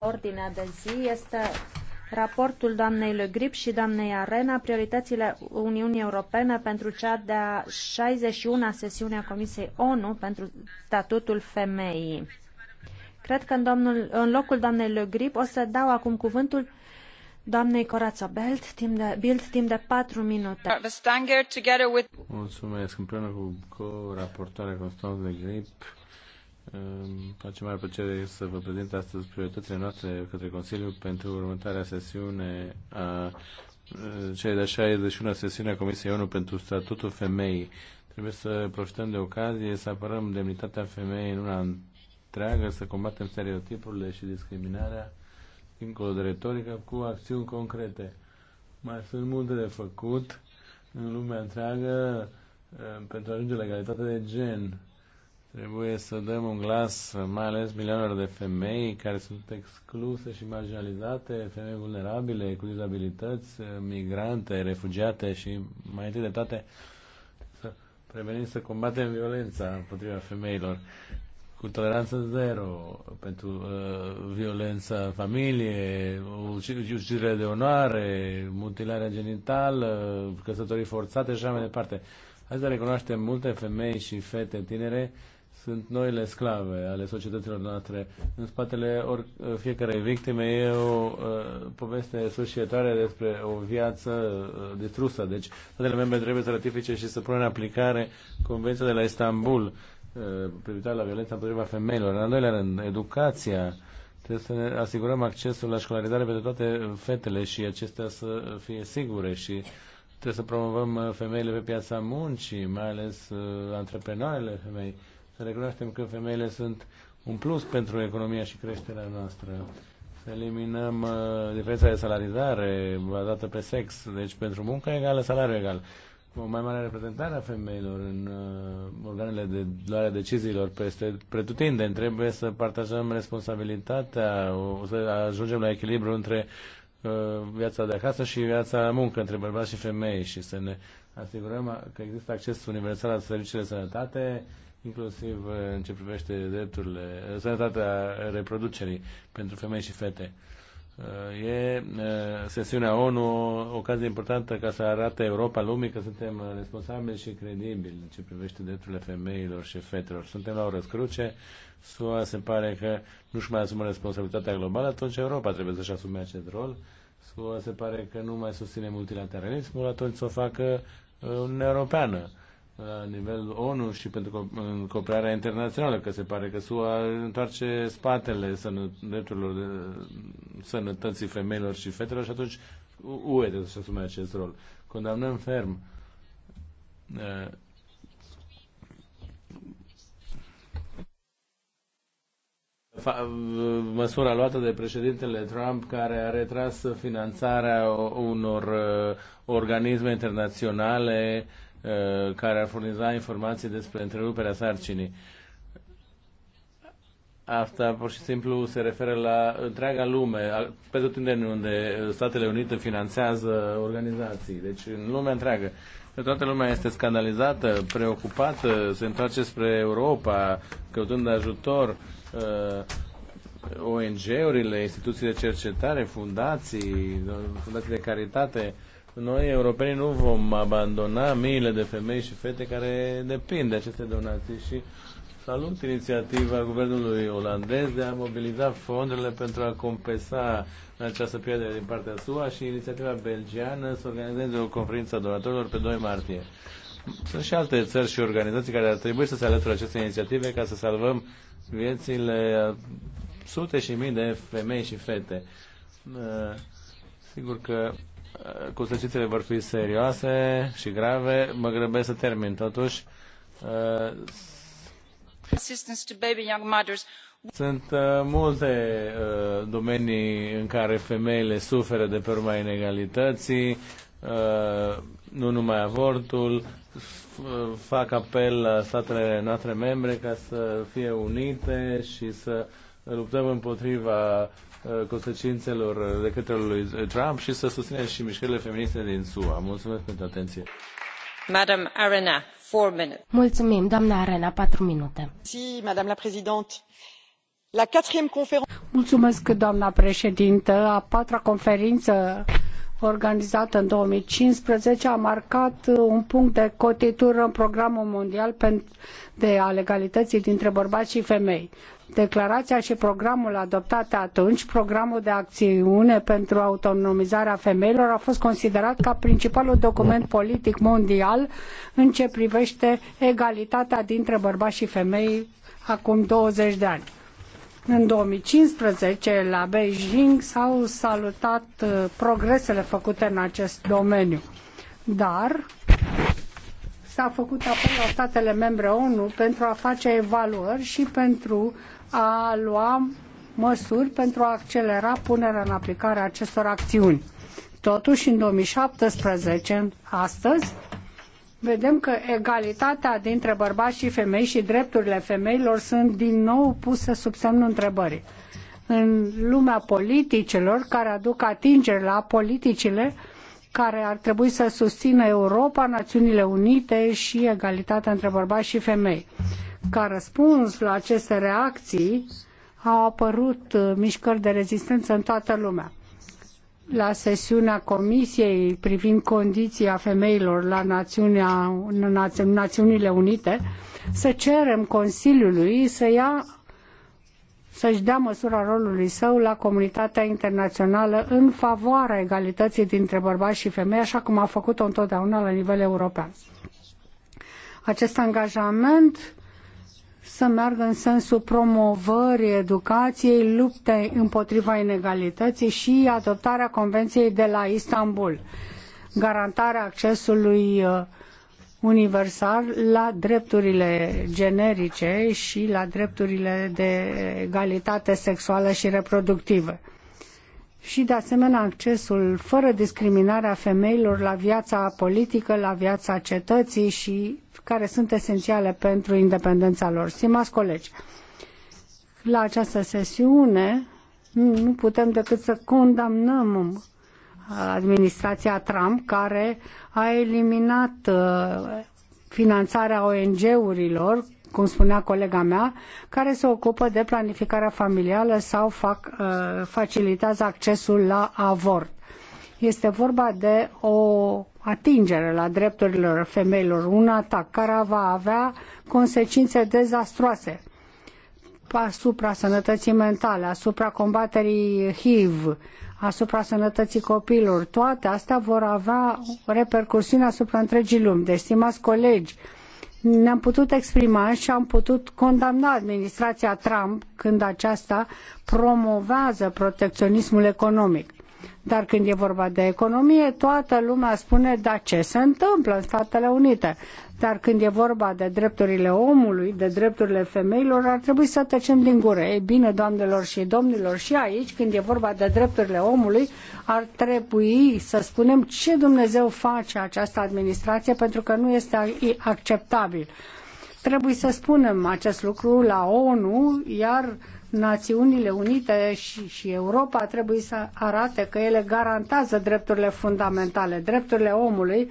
ordinea de zi este raportul doamnei Le Grip și doamnei Arena, prioritățile Uniunii Europene pentru cea de-a 61-a sesiune a Comisiei ONU pentru statutul femeii. Cred că în, domnul, în locul doamnei Le Grip o să dau acum cuvântul doamnei Corazza Belt timp de, Bild timp de 4 minute. Mulțumesc împreună cu co-raportoarea Constanța de Grip îmi face mare plăcere să vă prezint astăzi prioritățile noastre către Consiliu pentru următoarea sesiune a cea de-a 61 sesiune a Comisiei ONU pentru Statutul Femeii. Trebuie să profităm de ocazie, să apărăm demnitatea femeii în una întreagă, să combatem stereotipurile și discriminarea dincolo de retorică cu acțiuni concrete. Mai sunt multe de făcut în lumea întreagă eh, pentru a ajunge la egalitatea de gen Trebuie să dăm un glas, mai ales milioanelor de femei care sunt excluse și marginalizate, femei vulnerabile, cu dizabilități, migrante, refugiate și mai întâi de toate să prevenim să combatem violența împotriva femeilor cu toleranță zero pentru uh, violența în familie, ucidere de onoare, mutilarea genitală, căsătorii forțate și așa mai departe. Hai să recunoaștem multe femei și fete tinere sunt noile sclave ale societăților noastre. În spatele or, fiecarei victime e o uh, poveste societare despre o viață uh, distrusă. Deci, statele membre trebuie să ratifice și să pună în aplicare Convenția de la Istanbul uh, privitoare la violența împotriva femeilor. În al doilea rând, educația. Trebuie să ne asigurăm accesul la școlarizare pentru toate fetele și acestea să fie sigure și trebuie să promovăm femeile pe piața muncii, mai ales uh, antreprenoarele femei să recunoaștem că femeile sunt un plus pentru economia și creșterea noastră. Să eliminăm uh, diferența de salarizare bazată pe sex, deci pentru muncă egală, salariu egal. O mai mare reprezentare a femeilor în uh, organele de luare deciziilor peste pretutindeni. Trebuie să partajăm responsabilitatea, o, să ajungem la echilibru între uh, viața de acasă și viața muncă, între bărbați și femei și să ne asigurăm că există acces universal la serviciile de sănătate, uh, inclusiv în ce privește drepturile, sănătatea reproducerii pentru femei și fete. Uh, e uh, sesiunea ONU o ocazie importantă ca să arate Europa lumii că suntem responsabili și credibili în ce privește drepturile femeilor și fetelor. Suntem la o răscruce, SUA se pare că nu-și mai asumă responsabilitatea globală, atunci Europa trebuie să-și asume acest rol. SUA se pare că nu mai susține multilateralismul, atunci să o facă uh, Uniunea Europeană la nivel ONU și pentru cooperarea internațională, că se pare că SUA întoarce spatele sănă, drepturilor de, sănătății femeilor și fetelor și atunci UE trebuie să asume acest rol. Condamnăm ferm uh, uh, măsura luată de președintele Trump care a retras finanțarea unor uh, organisme internaționale uh, Uh, care ar furniza informații despre întreruperea sarcinii. Asta pur și simplu se referă la întreaga lume, Pe pretutindeni unde Statele Unite finanțează organizații, deci în lumea întreagă. Toată lumea este scandalizată, preocupată, se întoarce spre Europa, căutând ajutor. Uh, ONG-urile, instituții de cercetare, fundații, uh, fundații de caritate, noi, europenii, nu vom abandona miile de femei și fete care depind de aceste donații și salut inițiativa guvernului olandez de a mobiliza fondurile pentru a compensa această pierdere din partea SUA și inițiativa belgiană să organizeze o conferință a donatorilor pe 2 martie. Sunt și alte țări și organizații care ar trebui să se alăture aceste inițiative ca să salvăm viețile sute și mii de femei și fete. Sigur că Eh, consecințele vor fi serioase și grave. Mă grăbesc să termin totuși. Eh, sunt eh, multe domenii în care femeile suferă de pe urma inegalității, nu numai avortul. Fac apel la statele noastre membre ca să fie unite și să luptăm împotriva uh, consecințelor uh, de către lui Trump și să susținem și mișcările feministe din SUA. Mulțumesc pentru atenție. Madam Arena, four minutes. Mulțumim, doamna Arena, patru minute. Si, madame la présidente. La quatrième conférence... Mulțumesc, doamna președintă. A patra conferință organizată în 2015 a marcat un punct de cotitură în programul mondial de a legalității dintre bărbați și femei declarația și programul adoptate atunci, programul de acțiune pentru autonomizarea femeilor, a fost considerat ca principalul document politic mondial în ce privește egalitatea dintre bărbați și femei acum 20 de ani. În 2015, la Beijing, s-au salutat uh, progresele făcute în acest domeniu, dar s-a făcut apel la statele membre ONU pentru a face evaluări și pentru a lua măsuri pentru a accelera punerea în aplicare a acestor acțiuni. Totuși, în 2017, astăzi, vedem că egalitatea dintre bărbați și femei și drepturile femeilor sunt din nou puse sub semnul întrebării. În lumea politicilor care aduc atingere la politicile care ar trebui să susțină Europa, Națiunile Unite și egalitatea între bărbați și femei. Ca răspuns la aceste reacții au apărut uh, mișcări de rezistență în toată lumea. La sesiunea Comisiei privind condiția femeilor la Națiunea, Națiunile Unite, să cerem Consiliului să ia să-și dea măsura rolului său la comunitatea internațională în favoarea egalității dintre bărbați și femei, așa cum a făcut-o întotdeauna la nivel european. Acest angajament să meargă în sensul promovării educației, luptei împotriva inegalității și adoptarea Convenției de la Istanbul, garantarea accesului uh, universal la drepturile generice și la drepturile de egalitate sexuală și reproductivă. Și, de asemenea, accesul fără discriminare a femeilor la viața politică, la viața cetății și care sunt esențiale pentru independența lor. Stimați colegi, la această sesiune nu putem decât să condamnăm administrația Trump, care a eliminat uh, finanțarea ONG-urilor, cum spunea colega mea, care se ocupă de planificarea familială sau fac, uh, facilitează accesul la avort. Este vorba de o atingere la drepturile femeilor, un atac care va avea consecințe dezastroase asupra sănătății mentale, asupra combaterii HIV, asupra sănătății copiilor. Toate astea vor avea repercusiuni asupra întregii lumi. Deci, stimați colegi, ne-am putut exprima și am putut condamna administrația Trump când aceasta promovează protecționismul economic. Dar când e vorba de economie, toată lumea spune, da, ce se întâmplă în Statele Unite? Dar când e vorba de drepturile omului, de drepturile femeilor, ar trebui să tăcem din gură. Ei bine, doamnelor și domnilor, și aici, când e vorba de drepturile omului, ar trebui să spunem ce Dumnezeu face această administrație, pentru că nu este acceptabil. Trebuie să spunem acest lucru la ONU, iar uh, Națiunile Unite și, și Europa trebuie să arate că ele garantează drepturile fundamentale, drepturile omului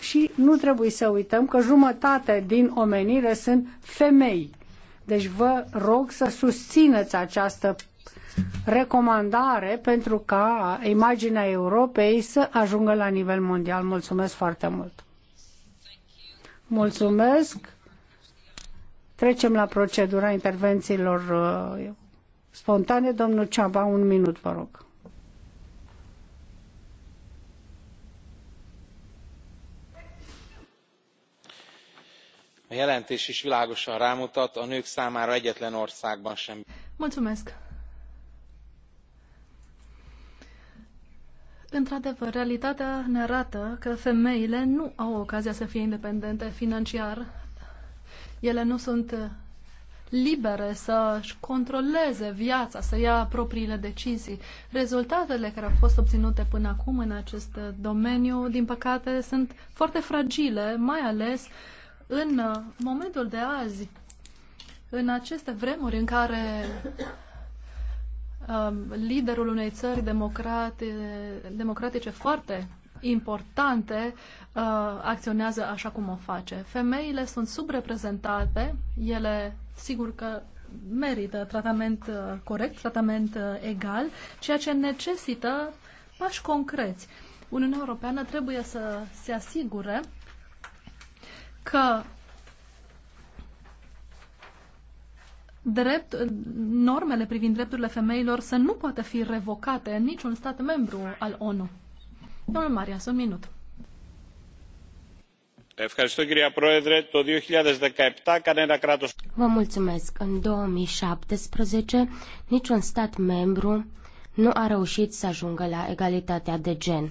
și nu trebuie să uităm că jumătate din omenire sunt femei. Deci vă rog să susțineți această recomandare pentru ca imaginea Europei să ajungă la nivel mondial. Mulțumesc foarte mult! Mulțumesc! Trecem la procedura intervențiilor uh, spontane. Domnul Ceaba, un minut, vă rog. a jelentés is világosan rámutat a nők számára egyetlen országban sem. Mulțumesc. Într-adevăr, realitatea ne arată că femeile nu au ocazia să fie independente financiar ele nu sunt uh, libere să-și controleze viața, să ia propriile decizii. Rezultatele care au fost obținute până acum în acest uh, domeniu, din păcate, sunt foarte fragile, mai ales în uh, momentul de azi, în aceste vremuri în care um, liderul unei țări democrate, democratice foarte importante uh, acționează așa cum o face. Femeile sunt subreprezentate, ele sigur că merită tratament uh, corect, tratament uh, egal, ceea ce necesită pași concreți. Uniunea Europeană trebuie să se asigure că drept, normele privind drepturile femeilor să nu poată fi revocate în niciun stat membru al ONU. Domnul Marias, un minut. Vă mulțumesc. În 2017, niciun stat membru nu a reușit să ajungă la egalitatea de gen.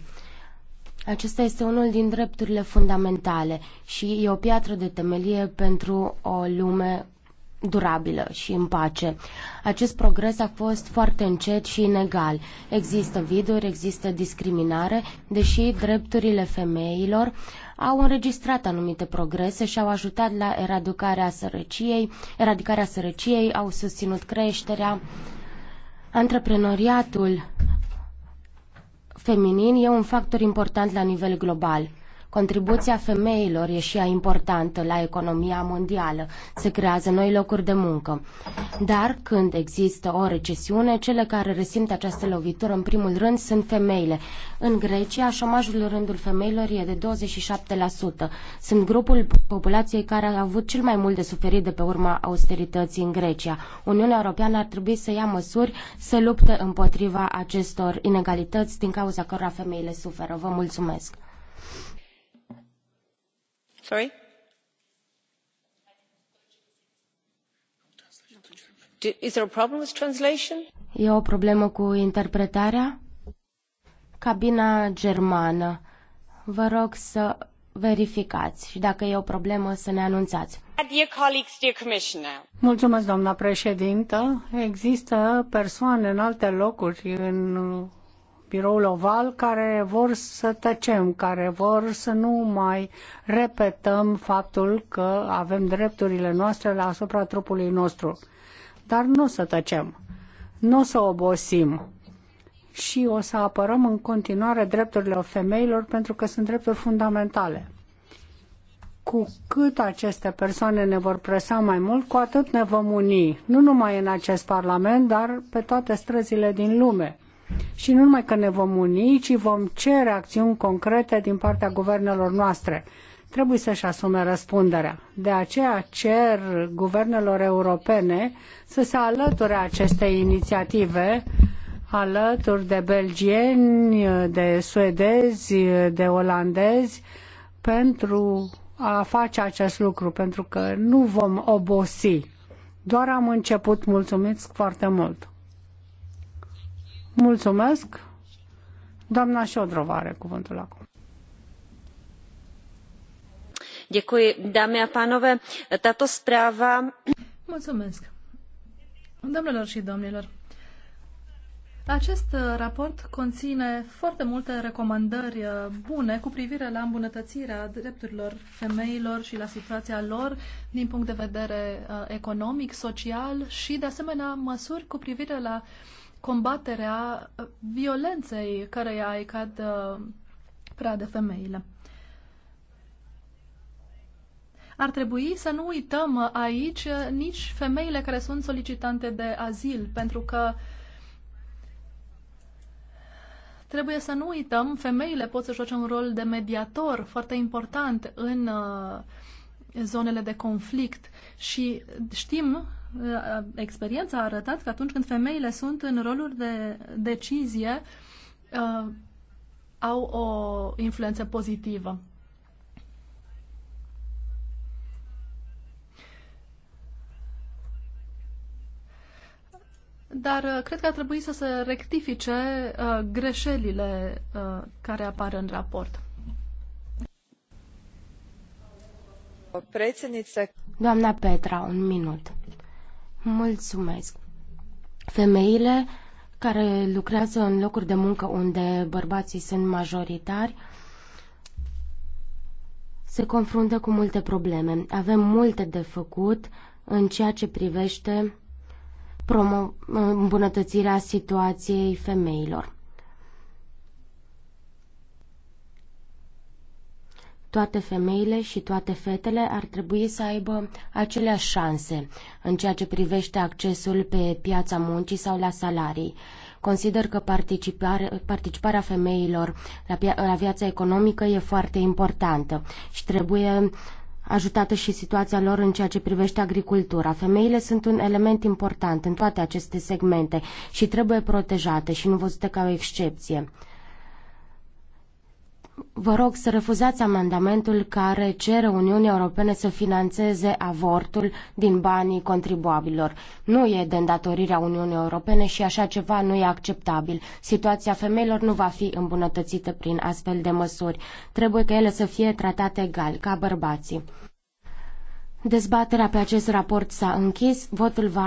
Acesta este unul din drepturile fundamentale și e o piatră de temelie pentru o lume durabilă și în pace. Acest progres a fost foarte încet și inegal. Există viduri, există discriminare, deși drepturile femeilor au înregistrat anumite progrese și au ajutat la eradicarea sărăciei, eradicarea sărăciei, au susținut creșterea. Antreprenoriatul feminin e un factor important la nivel global. Contribuția femeilor e și ea importantă la economia mondială. Se creează noi locuri de muncă. Dar când există o recesiune, cele care resimt această lovitură în primul rând sunt femeile. În Grecia, șomajul în rândul femeilor e de 27%. Sunt grupul populației care a avut cel mai mult de suferit de pe urma austerității în Grecia. Uniunea Europeană ar trebui să ia măsuri să lupte împotriva acestor inegalități din cauza cărora femeile suferă. Vă mulțumesc! E o problemă cu interpretarea? Cabina germană. Vă rog să verificați și dacă e o problemă să ne anunțați. Mulțumesc, doamna președintă. Există persoane în alte locuri în biroul oval, care vor să tăcem, care vor să nu mai repetăm faptul că avem drepturile noastre la asupra trupului nostru. Dar nu o să tăcem, nu o să obosim și o să apărăm în continuare drepturile femeilor pentru că sunt drepturi fundamentale cu cât aceste persoane ne vor presa mai mult, cu atât ne vom uni, nu numai în acest Parlament, dar pe toate străzile din lume. Și nu numai că ne vom uni, ci vom cere acțiuni concrete din partea guvernelor noastre. Trebuie să-și asume răspunderea. De aceea cer guvernelor europene să se alăture acestei inițiative alături de belgieni, de suedezi, de olandezi pentru a face acest lucru, pentru că nu vom obosi. Doar am început. Mulțumesc foarte mult! Mulțumesc. Doamna Șodrova are cuvântul acum. Děkuji, dámy a pánové. Tato zpráva... Mulțumesc. Domnilor și domnilor, acest raport conține foarte multe recomandări uh, bune cu privire la îmbunătățirea drepturilor femeilor și la situația lor din punct de vedere uh, economic, social și, de asemenea, măsuri cu privire la uh, combaterea uh, violenței care i-a icat uh, pradă femeile. Ar trebui să nu uităm uh, aici nici femeile care sunt solicitante de azil, pentru că trebuie să nu uităm, femeile pot să joace un rol de mediator foarte important în zonele de conflict și știm Uh, experiența a arătat că atunci când femeile sunt în roluri de decizie, uh, au o influență pozitivă. Dar uh, cred că ar trebui să se rectifice uh, greșelile uh, care apar în raport. Doamna Petra, un minut. Mulțumesc. Femeile care lucrează în locuri de muncă unde bărbații sunt majoritari se confruntă cu multe probleme. Avem multe de făcut în ceea ce privește promo- îmbunătățirea situației femeilor. toate femeile și toate fetele ar trebui să aibă aceleași șanse în ceea ce privește accesul pe piața muncii sau la salarii. Consider că participare, participarea femeilor la, la viața economică e foarte importantă și trebuie ajutată și situația lor în ceea ce privește agricultura. Femeile sunt un element important în toate aceste segmente și trebuie protejate și nu văzute ca o excepție. Vă rog să refuzați amendamentul care cere Uniunii Europene să financeze avortul din banii contribuabilor. Nu e de îndatorirea Uniunii Europene și așa ceva nu e acceptabil. Situația femeilor nu va fi îmbunătățită prin astfel de măsuri. Trebuie ca ele să fie tratate egal, ca bărbații. Dezbaterea pe acest raport s-a închis. Votul va